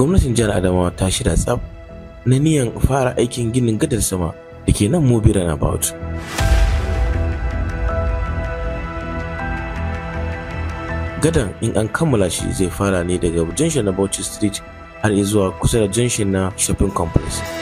gwamnatin jihar adamawa ta shirya tsab na niyan fara aikin ginin gadar sama da ke nan mobiran na about gadan in an kammala shi zai fara ne daga junction na bauchi street har zuwa kusa da junction na shopping complex